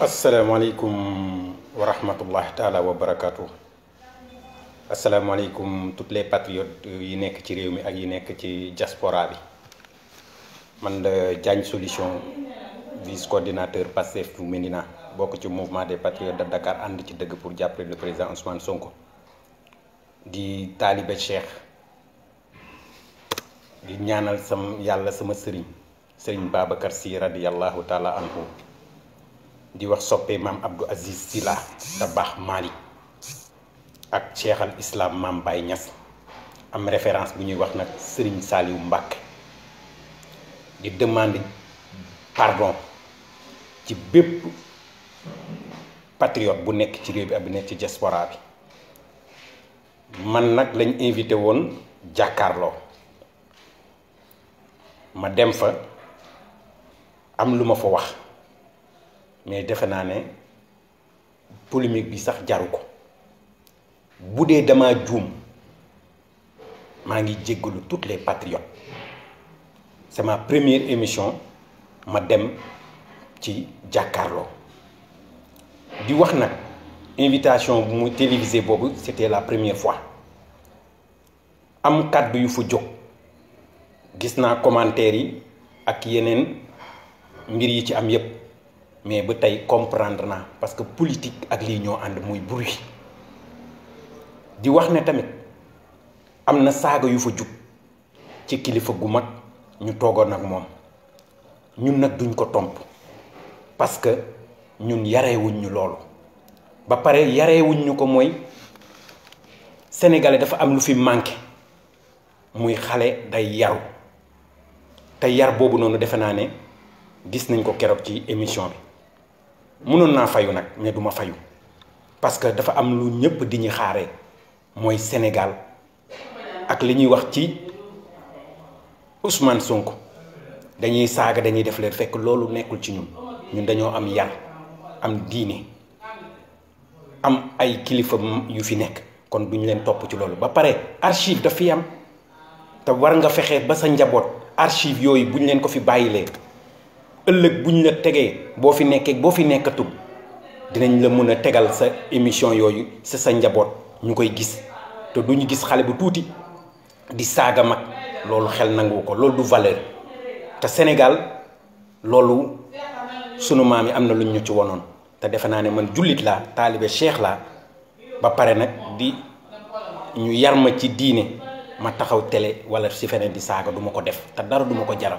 Assalamualaikum warahmatullahi taala wa Assalamualaikum toutes les patriotes yi nek ci rew mi ak yi nek ci diaspora bi man de Jagne Solution vice coordinateur fu Medina bok ci mouvement des patriotes de Dakar and ci deug pour jàppale le président Ousmane Sonko di talibé Cheikh di ñaanal sam yalla sama serigne serigne Babacar Sy radiyallahu taala anhu di wax soppee maam Abdou Aziz Sila da baax ak cheikh al islam maam Baye Niass am référence bu ñuy wax nag Serigne Saliou Mbacké di demandi pardon ci bépp patriote bu nekk ci réew bi ak nekk ci diaspora bi man nag lañu invité woon jàkkaarloo ma dem fa am lu ma fa wax mais defe naa ne polémique bi sax jaru ko bu dee dama juum maa ngi toutes les patriotes c'est ma première émission ma dem ci jàkkaarloo di wax invitation bu mu télévisé boobu c'était la première fois am kàddu yu fa jóg gis naa commentaires yi ak yeneen mbir yi ci am mais ba tey comprendre naa parce que politique ak lii ñoo ànd muy bruit di wax ne tamit am na saaga yu fa jug ci kilifa gu mag ñu toogoon ak moom ñun nag duñ ko tomp parce que ñun yareewuñ ñu loolu ba pare yareewuñ ñu ko mooy sénégalais dafa am lu fi manqué muy xale day yaru te yar boobu noonu defe naa ne gis nañ ko keroog ci émission bi ne n'a fayu nag mais je fayu parce que dafa am lu ñëpp di je suis au Sénégal ak li ñuy wax ci Ousmane Sonko dañuy saga dañuy def fekk nekkul ci ñun ñun am yar am diiné am ay kilifa yu fi nekk kon duñu leen ci ba pare archive da fi am war nga ba ko fi ëllëg buñ la tegee boo fi nekkee boo fi nekkatul dinañ la mën a tegal sa émission yooyu si sa njaboot ñu koy gis te duñu gis xale bu tuuti di saaga mag loolu xel nangu ko loolu du valeur te Sénégal loolu sunu maam yi am na luñ ñu ci wonoon te defe naa ne man jullit laa taalibe cheikh laa ba pare nag di ñu yar ma ci diine ma taxaw tele wala si feneen di saaga duma ko def te dara duma ko jaral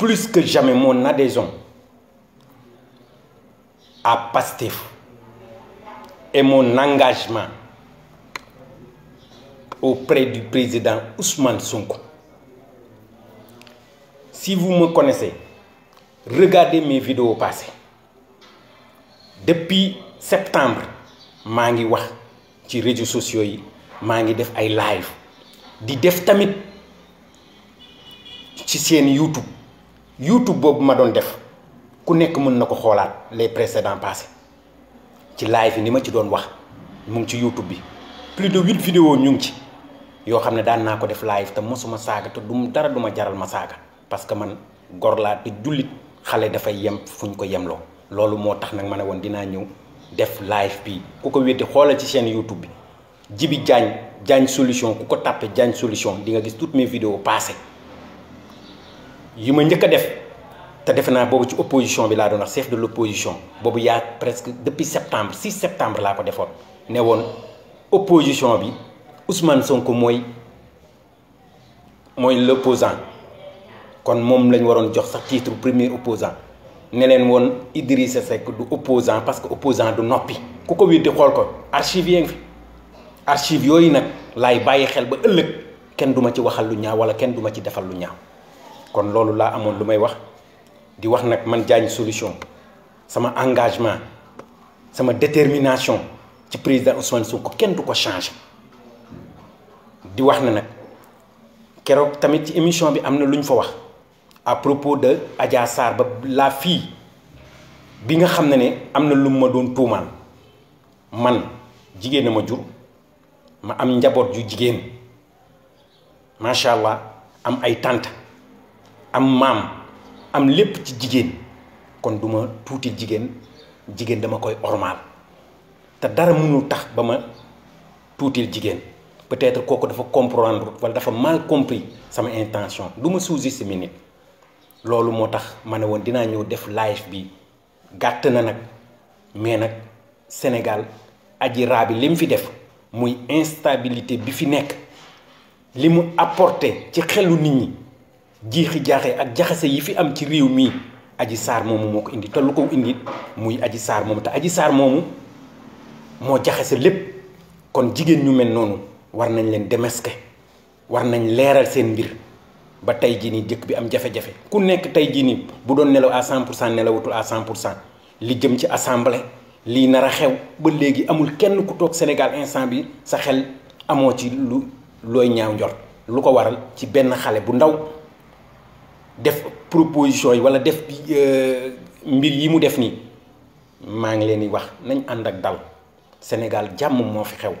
plus que jamais mon adhésion à PASTEF et mon engagement auprès du président Ousmane Sonko. Si vous me connaissez, regardez mes vidéos passé. Depuis septembre, je suis wax ci réseaux sociaux je live Je def tamit YouTube youtube bobu ma doon def ku les précédents passés ci live ni ma ci wax ci youtube bi plus de huit vidéos ñu ngi ci yoo xam daan naa def live te mosuma saaga te du dara parce que man gor laa te jullit xale dafay yem ko yemloo loolu moo def live bi ku ko que youtube bi solution ku solution di nga gis toutes mes vidéos passées il ma def ci opposition bi doon chef de l'opposition presque depuis septembre 6 septembre la ko né opposition bi Ousmane Sonko moy l'opposant kon mom lañ waron jox titre premier opposant Il Idrissa opposant parce que opposant du nopi nopi. Il a été ko archive archive yoy nak lay baye xel ba duma ci waxal lu ñaaw wala duma kon loolu laa amoon lu may wax di wax nag man Diagne Solution sama engagement sama détermination ci président Ousmane Sonko kenn du ko changé di wax na nag keroog tamit ci émission bi am na lu ñu fa wax à propos de Adja Sarr ba la fille bi nga xam ne ne am lu ma doon tuumaal man jigéen a ma jur ma am njaboot ju jigéen macha allah am ay tante am mam am lepp ci jigen kon duma touti jigen jigen dama koy ormaal ta dara mënul tax bama touti jigen peut-être koko dafa comprendre wala dafa mal compris sama intention duma ma sous-estimer nit loolu moo tax def live bi gatt na nak mais nak Sénégal aji rabi lim fi def muy instabilité bi fi nek limu apporter ci xelu nit jiixi jare ak jaxase yi fi am ci réew mi aji sar momu moko indi te lu ko indi muy aji sar momu te aji sar momu mo jaxase lepp kon jigen ñu mel nonu war nañ leen démasquer war nañ léral seen bir ba tay ji ni bi am jafe-jafe ku nekk tay ji ni bu doon nelaw à 100 pour nelawatul à 100 li jëm ci assemblée li nara xew ba légui amul kenn ku tok Sénégal instant bi sa xel amo ci lu loy ñaaw njort lu ko waral ci ben xalé bu ndaw def proposition yi wala def euh, mbir yi mu def ni ma ngi leen wax nañ ak dal Sénégal jàmm moo fi xew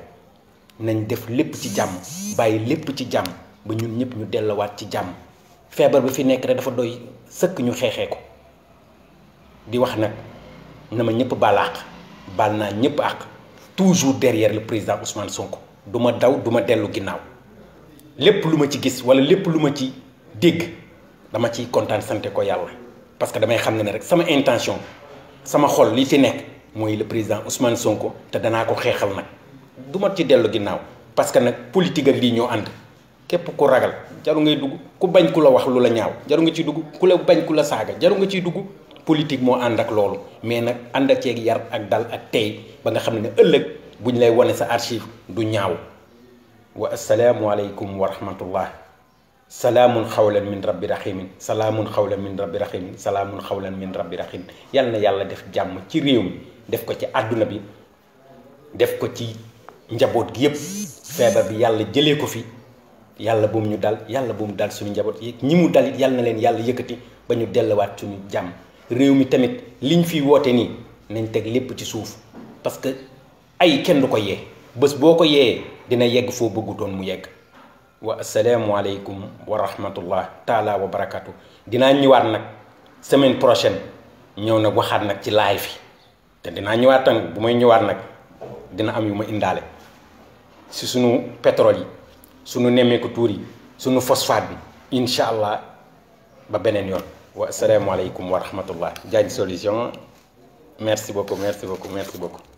nañ def lépp ci jàmm bàyyi lépp ci jàmm ba ñun ñëpp ñu delluwaat ci jàmm feebar bi fi nekk rek dafa doy sëkk ñu xeexee ko di wax na toujours derrière le président Ousmane Sonko du daw du ma dellu lépp lu ci gis wala lépp dama ci contane sante ko yalla parce que damay xamné ne rek sama intention sama xol li fi nek moy le président Ousmane Sonko te dana ko xéxal nak duma ci dellu ginnaw parce que nak politique ak lii ñoo and képp ku ragal jaru ngay dugg ku bañ ku la wax lula ñaaw jaru nga ci dugg ku la bañ ku la saga jaru nga ci dugg politique mo and ak lolu mais nak and ak yar ak dal ak tay ba nga xamné ne buñ lay wane sa archive du ñaaw wa alaykum wa rahmatullah salaamun xawlan min rabbi raximin salaamun xawlan min rabbi raximin salaamun xawlan min rabbi raxim yal na yàlla def jàmm ci réew mi def ko ci àdduna bi def ko ci njaboot gi yëpp feebar bi yàlla jëlee ko fi yàlla bu mu ñu dal yàlla bu mu dal suñu njaboot yi ñi mu dalit yàlla na leen yàlla yëkkati ba ñu delluwaat suñu jàmm réew mi tamit liñ fi woote nii nañ teg lépp ci suuf parce que ay kenn du ko yee bés boo ko yee dina yegg foo bëggutoon mu yegg wa assalamu aleykum wa rahmatullah taala wa barakatuh. Dina ñëwaat nak semaine prochaine ñëw nak waxaat nak ci live yi te dina ñëwaat tan bu may ñëwaat nak dina am yu ma petroli, si sunu pétrole yi némé ko tour yi suñu phosphate bi inshallah ba benen yoon wa assalamu aleykum wa rahmatullah Diagne Solution merci beaucoup merci beaucoup merci beaucoup